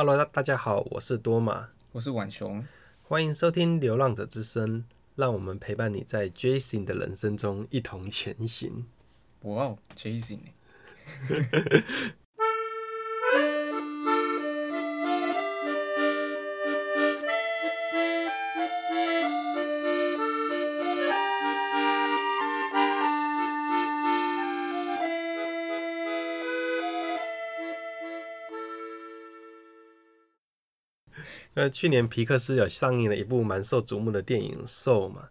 Hello，大家好，我是多瑪，我是浣熊，歡迎收聽《流浪者之聲》，讓我們陪伴你在 Jazzing 的人生中一同前行。哇哦 Wow，Jazzing！ 那去年皮克斯有上映了一部蠻受矚目的電影《Soul》嘛，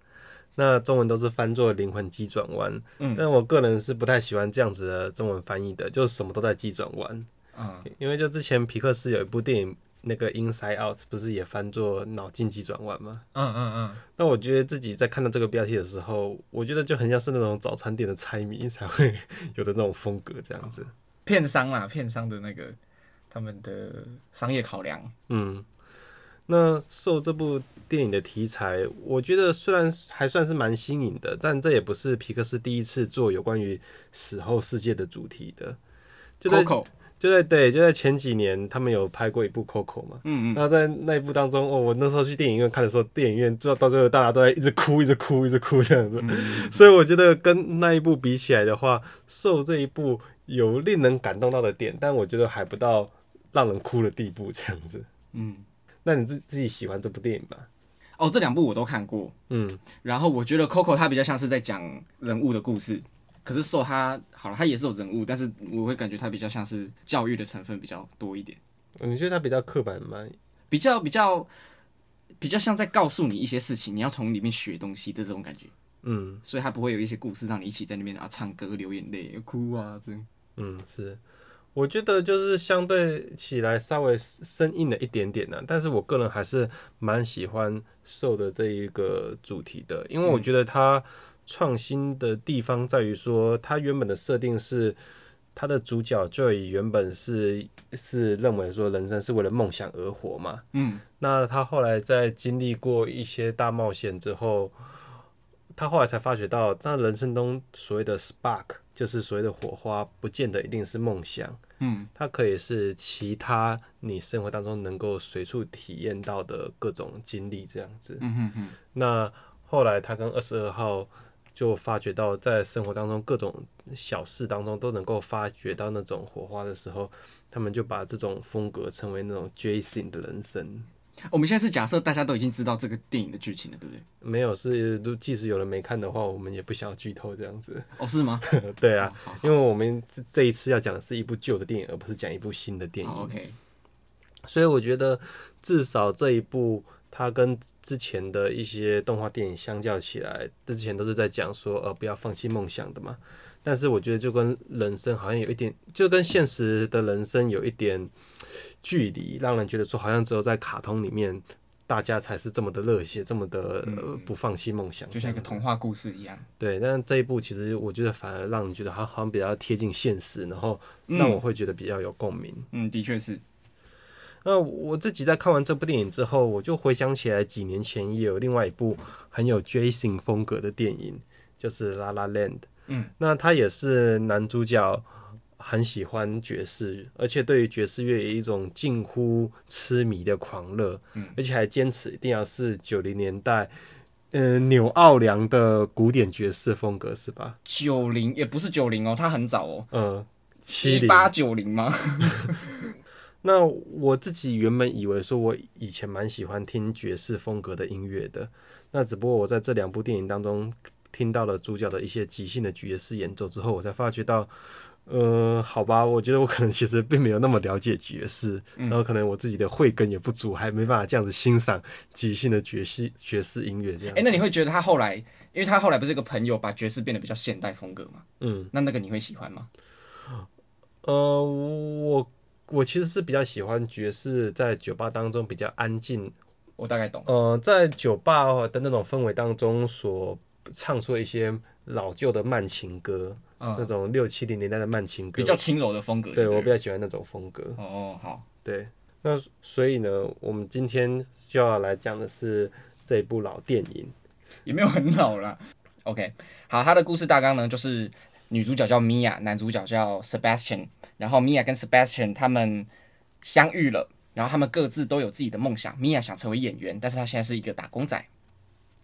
那中文都是翻作《靈魂急轉彎》。嗯，但我個人是不太喜歡這樣子的中文翻譯的，就什麼都在急轉彎。嗯，因為就之前皮克斯有一部電影那個《Inside Out》，不是也翻作《腦筋急轉彎》嗎？嗯嗯嗯。那我覺得自己在看到這個標題的時候，我覺得就很像是那種早餐店的猜謎才會有的那種風格，這樣子。片商啊，片商的那個他們的商業考量。嗯。那受這部電影的題材，我覺得雖然還算是蠻新穎的，但這也不是皮克斯第一次做有關於死後世界的主題的。就在就在對，就在前幾年，他們有拍過一部《Coco》嘛。嗯嗯。那在那一部當中，哦，我那時候去電影院看的時候，電影院坐到最後大家都在一直哭，一直哭，一直哭這樣子。所以我覺得跟那一部比起來的話，受這一部有令人感動到的點，但我覺得還不到讓人哭的地步這樣子。嗯。那你自自己喜歡這部電影吧？哦，這兩部我都看過。嗯，然後我覺得《Coco》它比較像是在講人物的故事，可是《Soul》它好了，它也是有人物，但是我會感覺它比較像是教育的成分比較多一點。你覺得它比較刻板嗎？比較比較比較像在告訴你一些事情，你要從裡面學東西的這種感覺。嗯，所以它不會有一些故事讓你一起在那邊啊唱歌、流眼淚、哭啊，這樣。嗯，是。我覺得就是相對起來稍微生硬了一點點呢、啊，但是我個人還是蠻喜歡《Soul》的這一個主題的，因為我覺得他創新的地方在於說，他原本的設定是他的主角 Joe 原本是是認為說人生是為了夢想而活嘛，嗯，那他後來在經歷過一些大冒險之後。他後來才發覺到，他人生中所謂的 spark，就是所謂的火花，不見得一定是夢想。嗯，它可以是其他你生活當中能夠隨處體驗到的各種經歷，這樣子。嗯，那後來他跟二十二號就發覺到，在生活當中各種小事當中都能夠發覺到那種火花的時候，他們就把這種風格稱為那種 Jazzing 的人生。我們現在是假設大家都已經知道這個電影的劇情了，對不對？沒有，是，即使有人沒看的話，我們也不想要劇透這樣子。哦，是嗎？ 對啊，因為我們這這一次要講的是一部舊的電影，而不是講一部新的電影。OK，所以我覺得至少這一部，它跟之前的一些動畫電影相較起來，之前都是在講說呃不要放棄夢想的嘛。但是我覺得就跟人生好像有一點，就跟現實的人生有一點距離，讓人覺得說好像只有在卡通裡面，大家才是這麼的熱血，這麼的、嗯呃、不放棄夢想，就像一個童話故事一樣。對，但這一部其實我覺得反而讓你覺得它好像比較貼近現實，然後讓我會覺得比較有共鳴、嗯。嗯，的確是。那我自己在看完這部電影之後，我就回想起來幾年前也有另外一部很有 Jazzing 風格的電影，就是《La La Land》。嗯，那他也是男主角，很喜歡爵士，而且對於爵士樂有一種近乎痴迷的狂熱，嗯，而且還堅持一定要是九零年代，呃，紐奧良的古典爵士風格，是吧？九零也不是九零哦，他很早哦，嗯、呃，七零八九零嗎？ 那我自己原本以為說，我以前蠻喜歡聽爵士風格的音樂的，那只不過我在這兩部電影當中。聽到了主角的一些即興的爵士演奏之後，我才發覺到，嗯、呃，好吧，我覺得我可能其實並沒有那麼了解爵士，嗯、然後可能我自己的慧根也不足，還沒辦法這樣子欣賞即興的爵士爵士音樂。這樣，哎、欸，那你會覺得他後來，因為他後來不是一個朋友把爵士變得比較現代風格嗎？嗯，那那個你會喜歡嗎？呃，我我其實是比較喜歡爵士在酒吧當中比較安靜，我大概懂。呃，在酒吧的那種氛圍當中所。唱出一些老舊的慢情歌，嗯、那種六七零年代的慢情歌，比較輕柔的風格。對，我比較喜歡那種風格。哦哦，好，對。那所以呢，我們今天就要來講的是這部老電影，也沒有很老啦。OK，好，他的故事大綱呢，就是女主角叫 Mia，男主角叫 Sebastian，然後 Mia 跟 Sebastian 他們相遇了，然後他們各自都有自己的夢想。Mia 想成為演員，但是他現在是一個打工仔。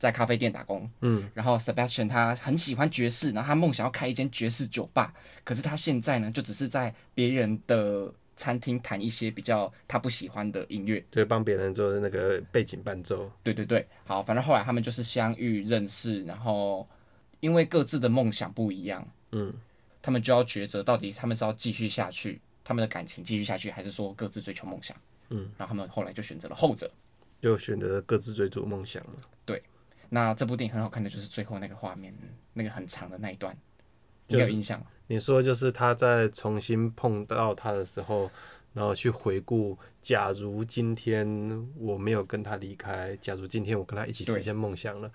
在咖啡店打工，嗯，然後 Sebastian 他很喜歡爵士，然後他夢想要開一間爵士酒吧，可是他現在呢，就只是在別人的餐廳彈一些比較他不喜歡的音樂，對，幫別人做的那個背景伴奏。對對對，好，反正後來他們就是相遇認識，然後因為各自的夢想不一樣，嗯，他們就要抉擇到底他們是要繼續下去，他們的感情繼續下去，還是說各自追求夢想？嗯，然後他們後來就選擇了後者，就選擇了各自追逐夢想了。那這部電影很好看的，就是最後那個畫面，那個很長的那一段，你、就是、有印象嗎？你說就是他在重新碰到他的時候，然後去回顧，假如今天我沒有跟他離開，假如今天我跟他一起實現夢想了，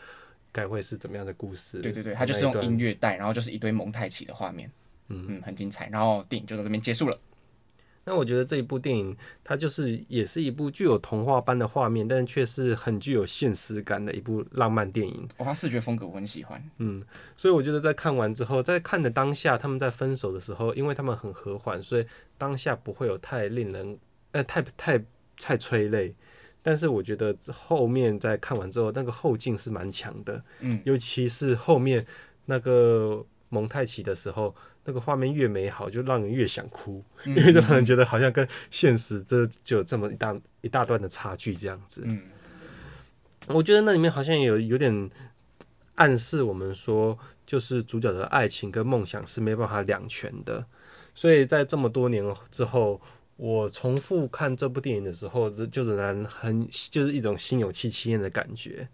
對該會是怎麼樣的故事？對對對，他就是用音樂帶，然後就是一堆蒙太奇的畫面，嗯嗯，很精彩。然後電影就到這邊結束了。那我覺得這一部電影，它就是也是一部具有童話般的畫面，但卻是很具有現實感的一部浪漫電影。我它、哦、視覺風格我很喜歡。嗯，所以我覺得在看完之後，在看的當下，他們在分手的時候，因為他們很和緩，所以當下不會有太令人、呃太太太催淚。但是我覺得後面在看完之後，那個後勁是蠻強的。嗯，尤其是後面那個蒙太奇的時候。這個畫面越美好，就讓人越想哭，嗯嗯，因為就讓人覺得好像跟現實這就有這麼一大一大段的差距這樣子。嗯，我覺得那裡面好像有有點暗示我們說，就是主角的愛情跟夢想是沒辦法兩全的。所以在這麼多年之後，我重複看這部電影的時候，就就很就是一種心有戚戚焉的感覺。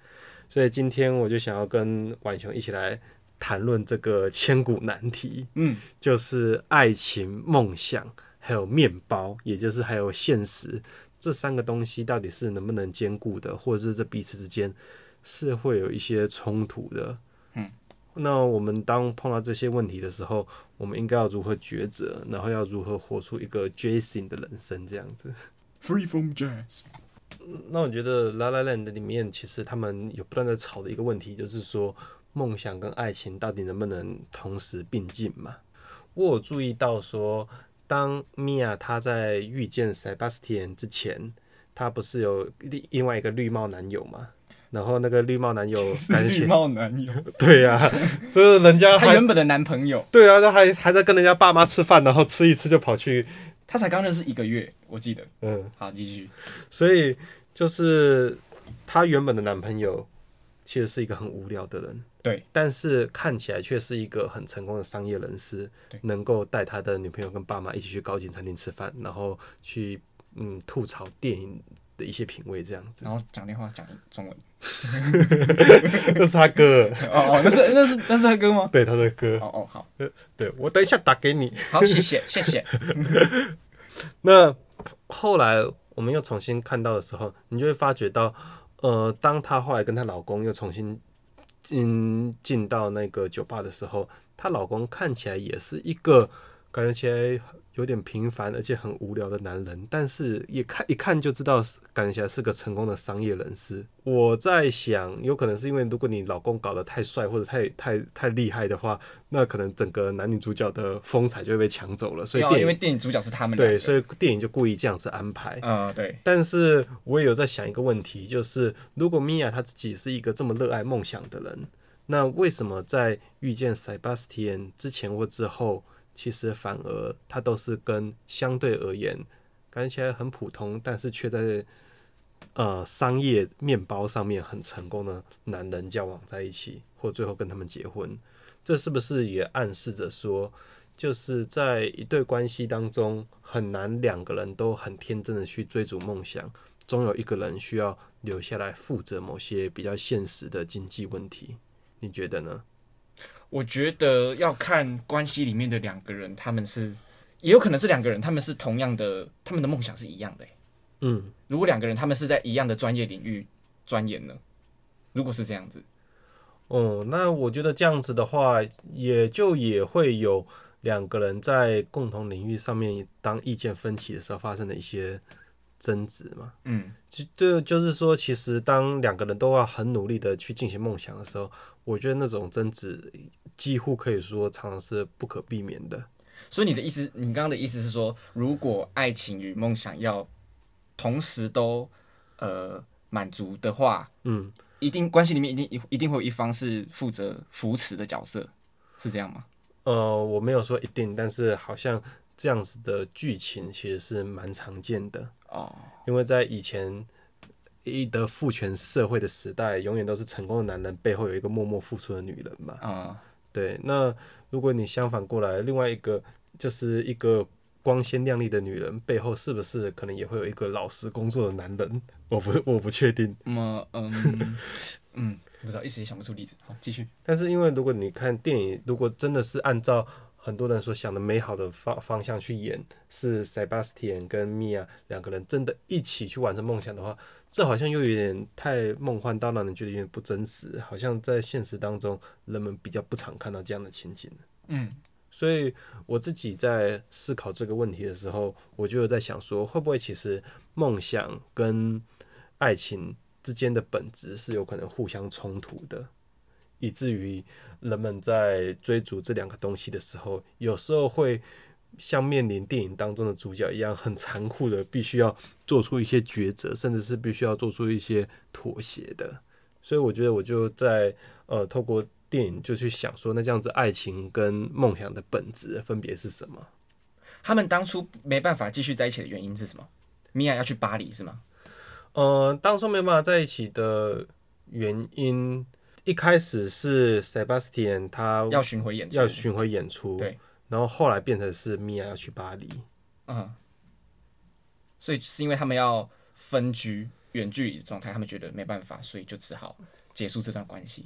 所以今天我就想要跟婉雄一起來，談論這個千古難題，嗯，就是愛情、夢想，還有面包，也就是還有現實，這三個東西到底是能不能兼顧的，或者是這彼此之間是會有一些衝突的，嗯。那我們當碰到這些問題的時候，我們應該要如何抉擇，然後要如何活出一個 Jazzing 的人生這樣子？Free from Jazz。那我覺得《La La Land》裡面其實他們有不斷在吵的一個問題，就是說。夢想跟愛情到底能不能同時並進嘛？我有注意到說，當米婭她在遇見塞巴斯蒂安之前，她不是有另另外一個綠帽男友嗎？然後那個綠帽男友，是綠帽男友，男對呀、啊， 就是人家，她原本的男朋友，對啊，她還還在跟人家爸媽吃飯，然後吃一吃就跑去，她才剛認識一個月，我記得，嗯，好繼續，所以就是她原本的男朋友，其實是一個很無聊的人，對，但是看起來卻是一個很成功的商業人士，對，能夠帶他的女朋友跟爸媽一起去高級餐廳吃飯，然後去嗯吐槽電影的一些品味這樣子，然後講電話講中文，這是他哥哦、oh, oh,，那是那是那是他哥嗎？ 對，他的哥，哦哦、oh, oh, 好，對，我等一下打給你， 好，謝謝謝謝。 那後來我們又重新看到的時候，你就會發覺到。呃，當她後來跟她老公又重新進進到那個酒吧的時候，她老公看起來也是一個感覺起來。有點平凡而且很無聊的男人，但是一看一看就知道，感覺是個成功的商業人士。我在想，有可能是因為如果你老公搞得太帥或者太太太厲害的話，那可能整個男女主角的風采就會被搶走了。所以電因為電影主角是他們，對，所以電影就故意這樣子安排。啊、呃，對。但是我也有在想一個問題，就是如果米婭她自己是一個這麼熱愛夢想的人，那為什麼在遇見塞巴斯蒂安之前或之後？其實反而他都是跟相對而言看起來很普通，但是卻在呃、商業麵包上面很成功的男人交往在一起，或最後跟他們結婚，這是不是也暗示着說，就是在一對關係當中，很難兩個人都很天真的去追逐夢想，總有一個人需要留下來負責某些比較現實的經濟問題？你覺得呢？我覺得要看關係裡面的兩個人，他們是也有可能這兩個人，他們是同樣的，他們的夢想是一樣的，欸。嗯，如果兩個人他們是在一樣的專業領域鑽研呢，如果是這樣子，哦，嗯，那我覺得這樣子的話，也就也會有兩個人在共同領域上面當意見分歧的時候發生的一些爭執嘛。嗯，就就是說，其實當兩個人都要很努力的去進行夢想的時候，我覺得那種爭執。幾乎可以說，常常是不可避免的。所以你的意思，你剛剛的意思是說，如果愛情與夢想要同時都呃滿足的話，嗯，一定關係裡面一定一一定會有一方是負責扶持的角色，是這樣嗎？呃，我沒有說一定，但是好像這樣子的劇情其實是蠻常見的哦。因為在以前一的父權社會的時代，永遠都是成功的男人背後有一個默默付出的女人嘛，嗯。對，那如果你相反過來，另外一個就是一個光鮮亮麗的女人，背後是不是可能也會有一個老實工作的男人？我不，我不確定。那麼，嗯，嗯， 不知道，一時也想不出例子。好，繼續。但是因為如果你看電影，如果真的是按照。很多人所想的美好的方方向去演，是 Sebastian 跟 Mia 兩個人真的一起去完成夢想的話，這好像又有點太夢幻，當然人覺得有點不真實，好像在現實當中人們比較不常看到這樣的情景。嗯，所以我自己在思考這個問題的時候，我就有在想說，會不會其實夢想跟愛情之間的本質是有可能互相衝突的？以至於人們在追逐這兩個東西的時候，有時候會像面臨電影當中的主角一樣，很殘酷的，必須要做出一些抉擇，甚至是必須要做出一些妥協的。所以我覺得，我就在呃，透過電影就去想說，那這樣子，愛情跟夢想的本質分別是什麼？他們當初沒辦法繼續在一起的原因是什麼？米婭要去巴黎是嗎？呃，當初沒辦法在一起的原因。一開始是塞巴斯蒂安他要巡迴演出，要巡迴演出，對。然後後來變成是米婭要去巴黎，嗯。所以是因為他們要分居、遠距離的狀態，他們覺得沒辦法，所以就只好結束這段關係。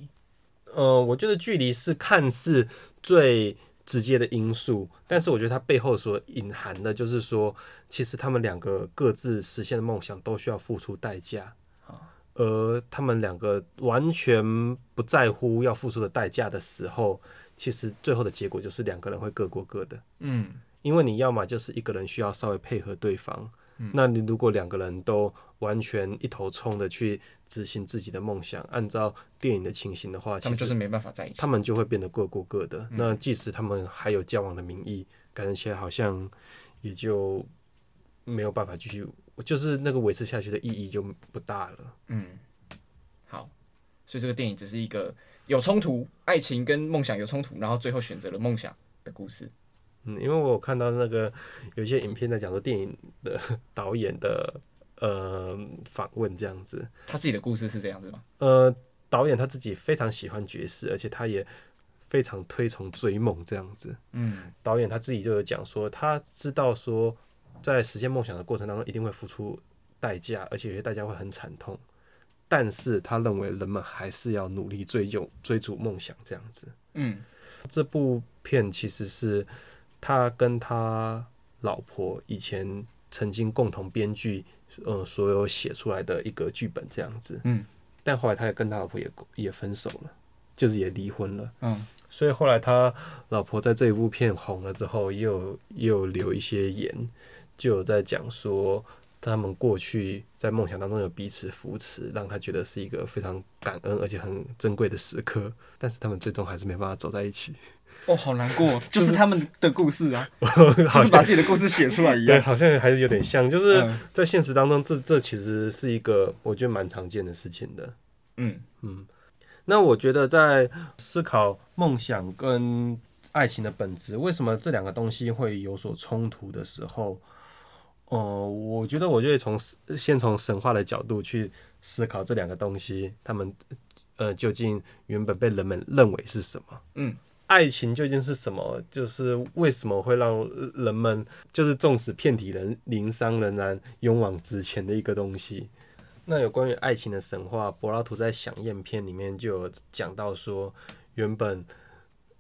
呃，我覺得距離是看似最直接的因素，但是我覺得它背後所隱含的就是說，其實他們兩個各自實現的夢想都需要付出代價。而他們兩個完全不在乎要付出的代價的時候，其實最後的結果就是兩個人會各過各的。嗯，因為你要麼就是一個人需要稍微配合對方，嗯、那你如果兩個人都完全一頭衝的去執行自己的夢想，按照電影的情形的話，他們就是沒辦法在一起，他們就會變得各過各的。嗯、那即使他們還有交往的名義，感覺起來好像也就沒有辦法繼續。就是那個維持下去的意義就不大了。嗯，好，所以這個電影只是一個有衝突，愛情跟夢想有衝突，然後最後選擇了夢想的故事。嗯，因為我看到那個有一些影片在講說電影的導演的呃訪問這樣子，他自己的故事是這樣子嗎？呃，導演他自己非常喜歡爵士，而且他也非常推崇追夢這樣子。嗯，導演他自己就有講說他知道說。在實現夢想的過程當中，一定會付出代價，而且有些代價會很慘痛。但是他認為人們還是要努力追求、追逐夢想這樣子。嗯，這部片其實是他跟他老婆以前曾經共同編劇，呃，所有寫出來的一個劇本這樣子。嗯，但後來他也跟他老婆也也分手了，就是也離婚了。嗯，所以後來他老婆在這一部片紅了之後，又又留一些言。就有在講說，他們過去在夢想當中有彼此扶持，讓他覺得是一個非常感恩而且很珍貴的時刻。但是他們最終還是沒辦法走在一起。哦，好難過哦，就是他們的故事啊， 好像把自己的故事寫出來一樣，好像還是有點像，就是在現實當中，這這其實是一個我覺得蠻常見的事情的。嗯嗯，那我覺得在思考夢想跟愛情的本質，為什麼這兩個東西會有所衝突的時候。哦、呃，我覺得我就會從先從神話的角度去思考這兩個東西，他們呃究竟原本被人們認為是什麼？嗯，愛情究竟是什麼？就是為什麼會讓人們就是縱使遍體人鱗傷仍然勇往直前的一個東西？那有關於愛情的神話，柏拉圖在《饗宴篇》裡面就有講到說，原本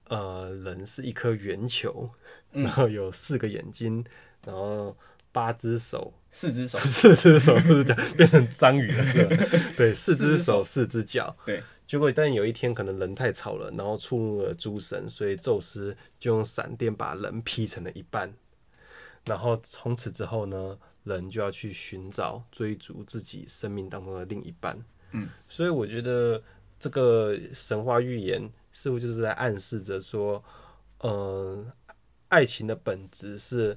呃人是一顆圓球，然後有四個眼睛，然後。八隻手，手， 手，四隻手，四隻手四隻腳，變成章魚了是吧？ 對，四隻手四隻腳。對，對結果，但有一天可能人太吵了，然後觸怒了諸神，所以宙斯就用閃電把人劈成了一半。然後從此之後呢，人就要去尋找追逐自己生命當中的另一半。嗯，所以我覺得這個神話寓言似乎就是在暗示着說，嗯、呃，愛情的本質是。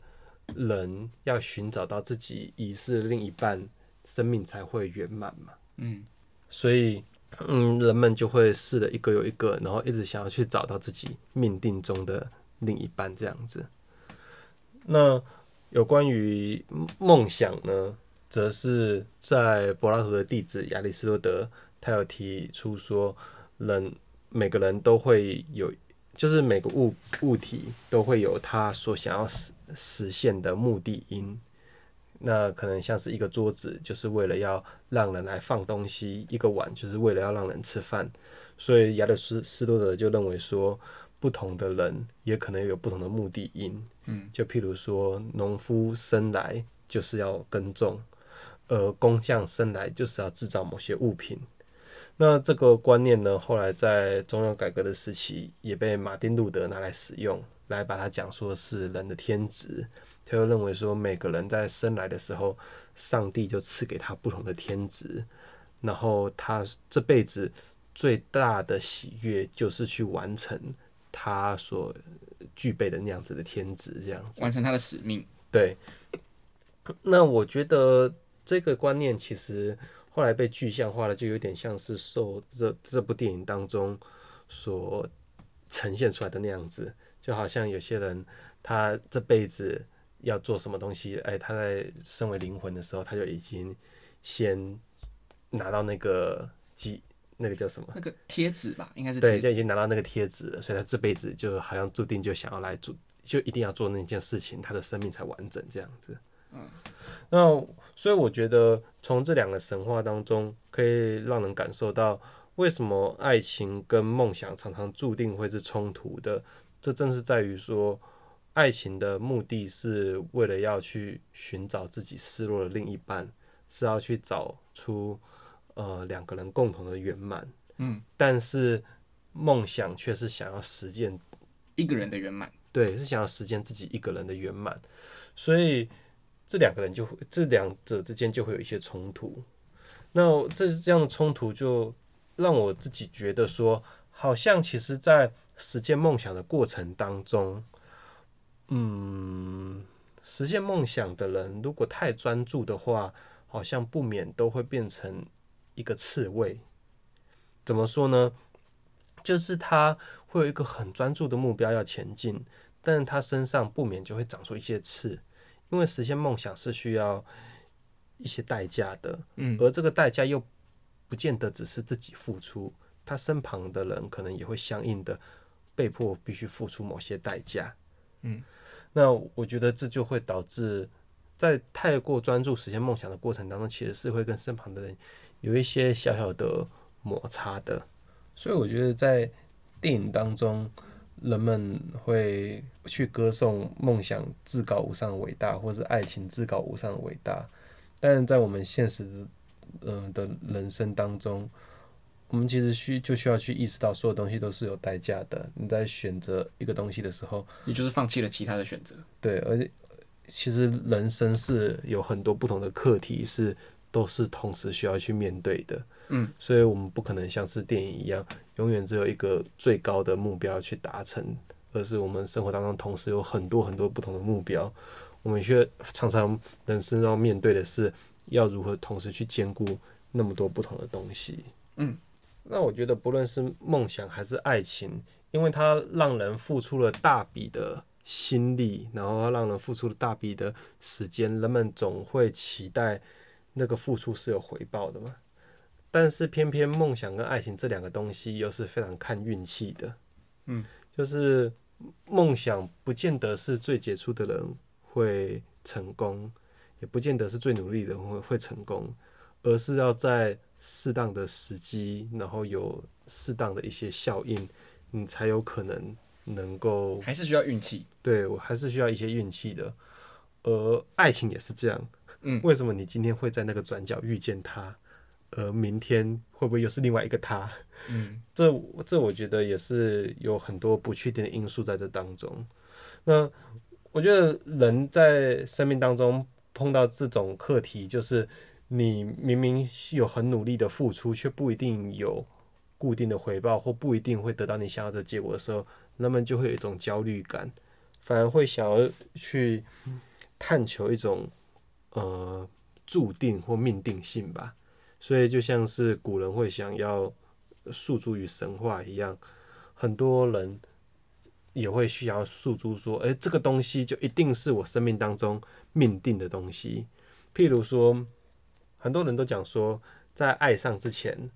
人要尋找到自己遺失的另一半，生命才會圓滿嘛。嗯，所以，嗯，人們就會試了一個又一個，然後一直想要去找到自己命定中的另一半，這樣子。那有關於夢想呢，則是在柏拉圖的弟子亞里士多德，他有提出說，人每個人都會有。就是每個物物體都會有它所想要實實現的目的因，那可能像是一個桌子，就是為了要讓人來放東西；一個碗，就是為了要讓人吃飯。所以亞里斯斯多德就認為說，不同的人也可能有不同的目的因。嗯，就譬如說，農夫生來就是要耕種，而工匠生來就是要製造某些物品。那這個觀念呢，後來在宗教改革的時期也被馬丁路德拿來使用，來把它講說是人的天職。他又認為說，每個人在生來的時候，上帝就賜給他不同的天職，然後他這輩子最大的喜悅就是去完成他所具備的那樣子的天職，這樣子。完成他的使命。對。那我覺得這個觀念其實。後來被具象化了，就有點像是受這這部電影當中所呈現出來的那樣子，就好像有些人，他這輩子要做什麼東西，哎、欸，他在身為靈魂的時候，他就已經先拿到那個幾那個叫什麼？那個貼紙吧，應該是對，就已經拿到那個貼紙，所以他這輩子就好像注定就想要來做，就一定要做那件事情，他的生命才完整這樣子。嗯，那所以我覺得從這兩個神話當中，可以讓人感受到為什麼愛情跟夢想常常注定會是衝突的。這正是在於說，愛情的目的是為了要去尋找自己失落的另一半，是要去找出呃兩個人共同的圓滿。嗯，但是夢想卻是想要實現一個人的圓滿，對，是想要實現自己一個人的圓滿，所以。這兩個人就會，這兩者之間就會有一些衝突。那這是這樣的衝突，就讓我自己覺得說，好像其實在實現夢想的過程當中，嗯，實現夢想的人如果太專注的話，好像不免都會變成一個刺蝟。怎麼說呢？就是他會有一個很專注的目標要前進，但是他身上不免就會長出一些刺。因為實現夢想是需要一些代價的，嗯，而這個代價又不見得只是自己付出，他身旁的人可能也會相應的被迫必須付出某些代價，嗯，那我覺得這就會導致在太過專注實現夢想的過程當中，其實是會跟身旁的人有一些小小的摩擦的。所以我覺得在電影當中。人們會去歌頌夢想至高無上的偉大，或是愛情至高無上的偉大，但是在我們現實，嗯、呃、的人生當中，我們其實需就需要去意識到，所有東西都是有代價的。你在選擇一個東西的時候，你就是放棄了其他的選擇。對，而且其實人生是有很多不同的課題是，是都是同時需要去面對的。嗯，所以我們不可能像是電影一樣，永遠只有一個最高的目標去達成，而是我們生活當中同時有很多很多不同的目標，我們卻常常人生要面對的是，要如何同時去兼顧那麼多不同的東西。嗯，那我覺得不論是夢想還是愛情，因為它讓人付出了大筆的心力，然後讓人付出了大筆的時間，人們總會期待那個付出是有回報的嘛。但是偏偏夢想跟愛情這兩個東西又是非常看運氣的，嗯，就是夢想不見得是最傑出的人會成功，也不見得是最努力的人會會成功，而是要在適當的時機，然後有適當的一些效應，你才有可能能夠。還是需要運氣？對，我還是需要一些運氣的，而愛情也是這樣，嗯，為什麼你今天會在那個轉角遇見他？而明天會不會又是另外一個他？嗯，這，這這我覺得也是有很多不確定的因素在這當中。那我覺得人在生命當中碰到這種課題，就是你明明有很努力的付出，卻不一定有固定的回報，或不一定會得到你想要的結果的時候，那麼就會有一種焦慮感，反而會想要去探求一種呃注定或命定性吧。所以，就像是古人會想要訴諸於神話一樣，很多人也會需要訴諸說，哎、欸，這個東西就一定是我生命當中命定的東西。譬如說，很多人都講說，在愛上之前。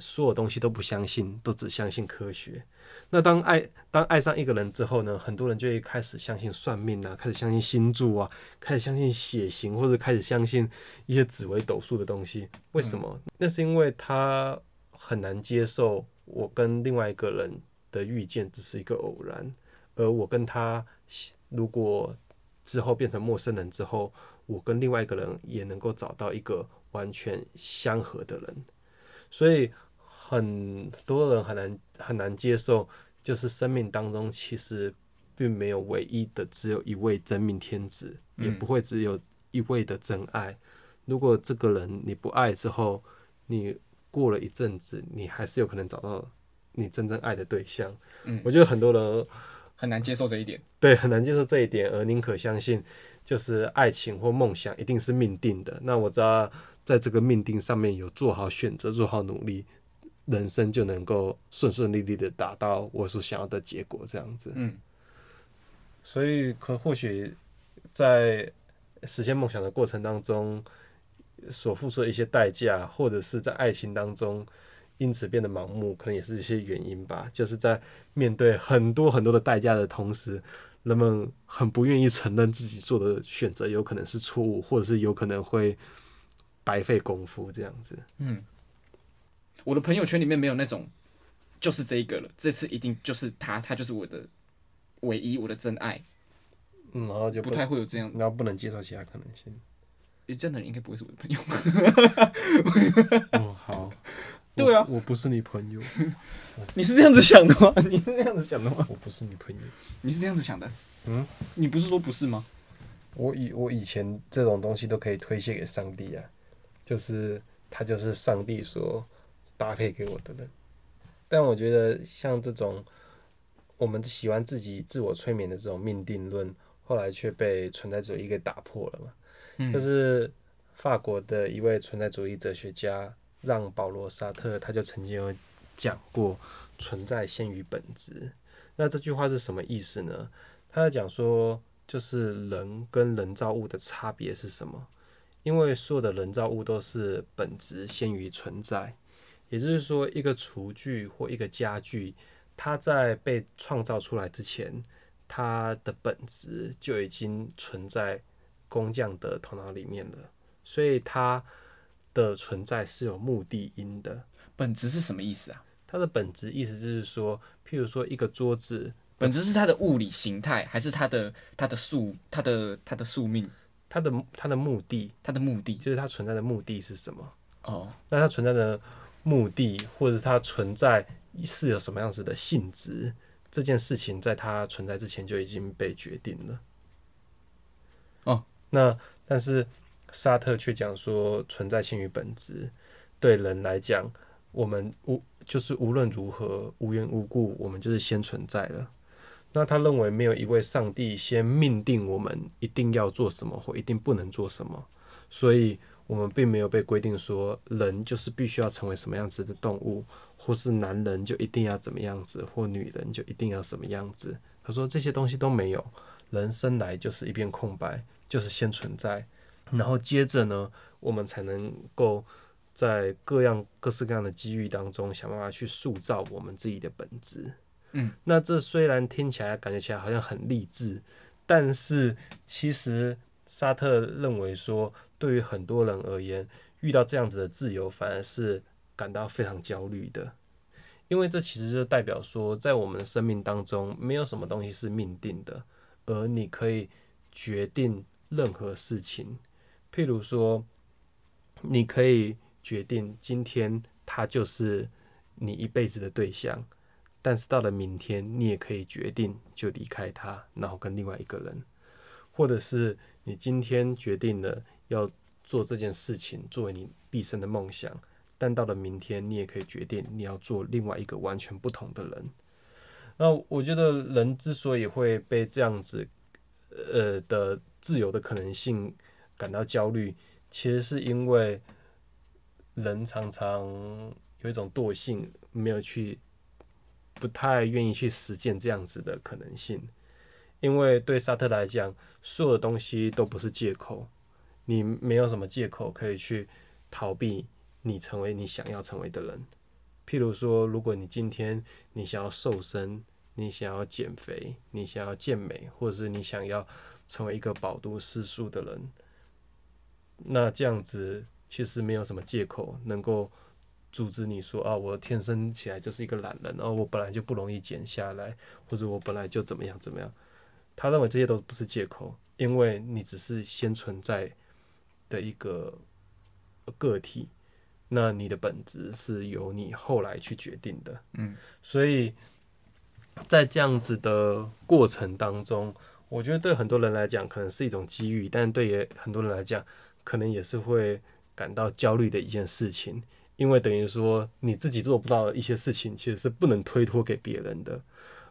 所有東西都不相信，都只相信科學。那當愛、當愛上一個人之後呢？很多人就會開始相信算命啊，開始相信星座啊，開始相信血型，或者開始相信一些紫微斗數的東西。為什麼？嗯。那是因為他很難接受我跟另外一個人的遇見只是一個偶然，而我跟他如果之後變成陌生人之後，我跟另外一個人也能夠找到一個完全相合的人。所以很，很多人很難很難接受，就是生命當中其實並沒有唯一的，只有一位真命天子，嗯、也不會只有一位的真愛。如果這個人你不愛之後，你過了一陣子，你還是有可能找到你真正愛的對象。嗯、我覺得很多人很難接受這一點，對，很難接受這一點，而寧可相信就是愛情或夢想一定是命定的。那我知道。在這個命定上面有做好選擇，做好努力，人生就能夠順順利利的達到我所想要的結果。這樣子，嗯，所以可或許在實現夢想的過程當中，所付出的一些代價，或者是在愛情當中因此變得盲目，可能也是一些原因吧。就是在面對很多很多的代價的同時，人們很不願意承認自己做的選擇有可能是錯誤，或者是有可能會。白費功夫這樣子。嗯，我的朋友圈裡面沒有那種，就是這一個了。這次一定就是他，他就是我的唯一，我的真愛。然後就不，不太會有這樣，然後不能接受其他可能性。誒，這樣的人應該不會是我的朋友。 哦，好。對啊。我，我不是你朋友。 你是這樣子想的嗎？你是這樣子想的嗎？我不是你朋友。你是這樣子想的？嗯。你不是說不是嗎？我以我以前這種東西都可以推卸給上帝啊。就是他就是上帝所搭配給我的人，但我覺得像這種我們喜歡自己自我催眠的這種命定論，後來卻被存在主義給打破了嘛。就是法國的一位存在主義哲學家讓保羅沙特，他就曾經有講過“存在先於本質”。那這句話是什麼意思呢？他在講說，就是人跟人造物的差別是什麼？因為所有的人造物都是本質先於存在，也就是說，一個廚具或一個家具，它在被創造出來之前，它的本質就已經存在工匠的頭腦裡面了，所以它的存在是有目的因的。本質是什麼意思啊？它的本質意思就是說，譬如說一個桌子，本質是它的物理形態，還是它的它的宿它的它的宿命？他的他的目的，他的目的、的、目的就是他存在的目的是什麼？哦，oh. 那他存在的目的，或者是他存在是有什麼樣子的性質？這件事情在他存在之前就已經被決定了。哦，oh. 那但是沙特卻講說，存在先於本質。對人來講，我們無就是無論如何無緣無故，我們就是先存在了。那他認為沒有一位上帝先命定我們一定要做什麼，或一定不能做什麼，所以我們並沒有被規定說，人就是必須要成為什麼樣子的動物，或是男人就一定要怎麼樣子，或女人就一定要什麼樣子。他說這些東西都沒有，人生來就是一片空白，就是先存在，然後接着呢，我們才能夠在各樣各式各樣的機遇當中想辦法去塑造我們自己的本質。嗯，那這雖然聽起來感覺起來好像很勵志，但是其實沙特認為說，對於很多人而言，遇到這樣子的自由反而是感到非常焦慮的，因為這其實就代表說，在我們的生命當中，沒有什麼東西是命定的，而你可以決定任何事情，譬如說，你可以決定今天他就是你一輩子的對象。但是到了明天，你也可以決定就離開他，然後跟另外一個人；或者是你今天決定了要做這件事情，作為你畢生的夢想。但到了明天，你也可以決定你要做另外一個完全不同的人。那我覺得，人之所以會被這樣子，呃的自由的可能性感到焦慮，其實是因為人常常有一種惰性，沒有去。不太願意去實踐這樣子的可能性，因為對沙特來講，所有的東西都不是借口。你沒有什麼借口可以去逃避你成為你想要成為的人。譬如說，如果你今天你想要瘦身，你想要減肥，你想要健美，或者是你想要成為一個飽讀詩書的人，那這樣子其實沒有什麼借口能夠。阻止你說啊，我天生起來就是一個懶人啊，然後我本來就不容易減下來，或者我本來就怎麼樣怎麼樣。他認為這些都不是借口，因為你只是先存在的一個個體，那你的本質是由你後來去決定的。嗯，所以在這樣子的過程當中，我覺得對很多人來講可能是一種機遇，但對很多人來講，可能也是會感到焦慮的一件事情。因為等於說你自己做不到的一些事情，其實是不能推脫給別人的。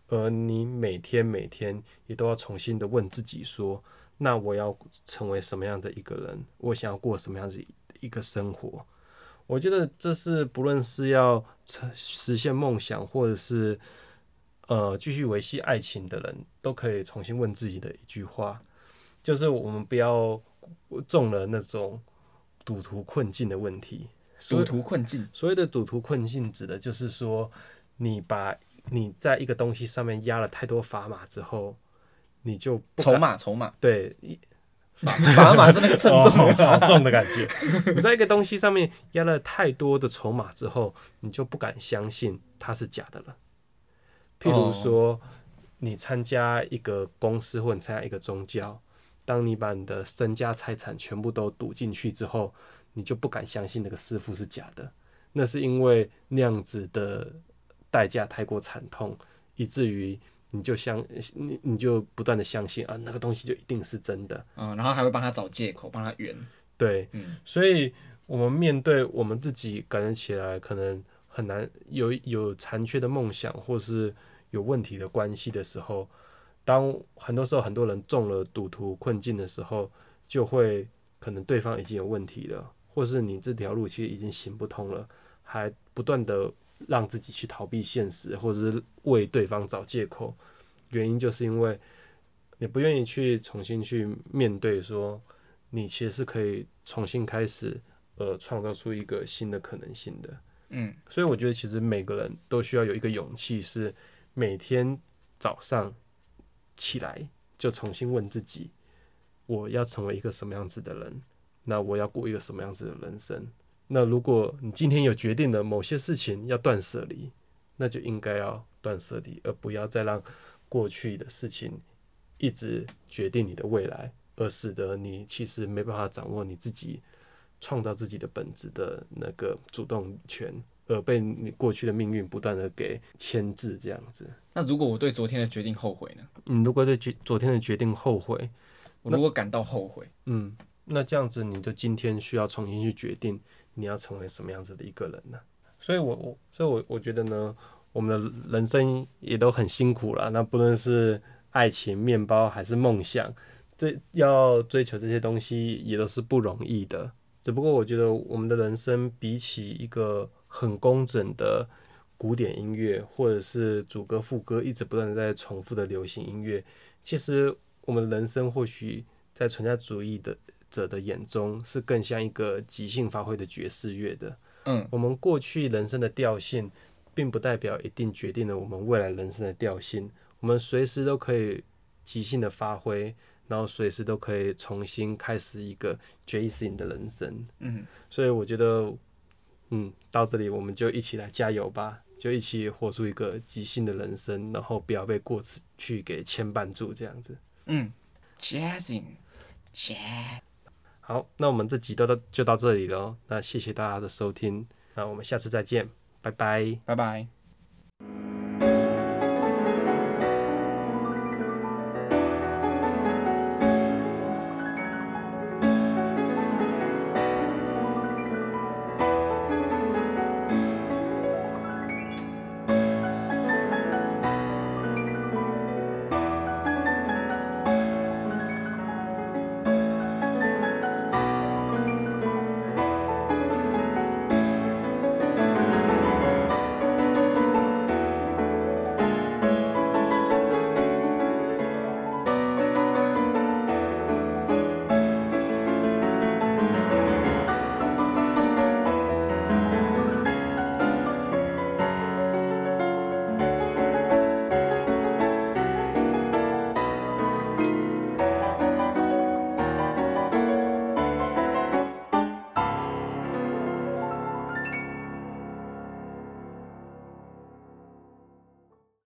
而你每天每天也都要重新的問自己說：“那我要成為什麼樣的一個人？我想要過什麼樣子一個生活？”我覺得這是不論是要成實現夢想，或者是呃繼續維繫愛情的人，都可以重新問自己的一句話，就是我們不要中了那種賭徒困境的問題。賭徒困境，所謂的賭徒困境，指的就是說，你把你在一個東西上面壓了太多砝碼之後，你就籌碼籌碼對一砝碼是那個稱重、哦、重的感覺。 你在一個東西上面壓了太多的籌碼之後，你就不敢相信它是假的了。譬如說，哦、你參加一個公司，或者你參加一個宗教，當你把你的身家財產全部都賭進去之後。你就不敢相信那個師傅是假的，那是因為那樣子的代價太過慘痛，以至於你就相你你就不斷的相信啊，那個東西就一定是真的。嗯，然後還會幫他找借口，幫他圓。對，嗯，所以我們面對我們自己感覺起來可能很難有有殘缺的夢想，或是有問題的關係的時候，當很多時候很多人中了賭徒困境的時候，就會可能對方已經有問題了。或是你這條路其實已經行不通了，還不斷的讓自己去逃避現實，或者是為對方找借口，原因就是因為你不願意去重新去面對，說你其實是可以重新開始，呃，創造出一個新的可能性的。嗯，所以我覺得其實每個人都需要有一個勇氣，是每天早上起來就重新問自己，我要成為一個什麼樣子的人。那我要過一個什麼樣子的人生？那如果你今天有決定了某些事情要斷捨離，那就應該要斷捨離，而不要再讓過去的事情一直決定你的未來，而使得你其實沒辦法掌握你自己創造自己的本質的那個主動權，而被你過去的命運不斷的給牽制這樣子。那如果我對昨天的決定後悔呢？嗯，如果對昨昨天的決定後悔，我如果感到後悔，嗯。那這樣子，你就今天需要重新去決定你要成為什麼樣子的一個人呢、啊？所以我，我我所以我，我我覺得呢，我們的人生也都很辛苦啦。那不論是愛情、麵包還是夢想，這要追求這些東西也都是不容易的。只不過，我覺得我們的人生比起一個很工整的古典音樂，或者是主歌副歌一直不斷地在重複的流行音樂，其實我們的人生或許在存在主義的。者的眼中是更像一個即興發揮的爵士樂的，嗯，我們過去人生的調性，並不代表一定決定了我們未來人生的調性，我們隨時都可以即興的發揮，然後隨時都可以重新開始一個 jazzing 的人生，嗯，所以我覺得，嗯，到這裡我們就一起來加油吧，就一起活出一個即興的人生，然後不要被過去去給牽絆住，這樣子，嗯，jazzing，jazz。好，那我們這集都到就到這裡了。那謝謝大家的收聽，那我們下次再見，拜拜，拜拜。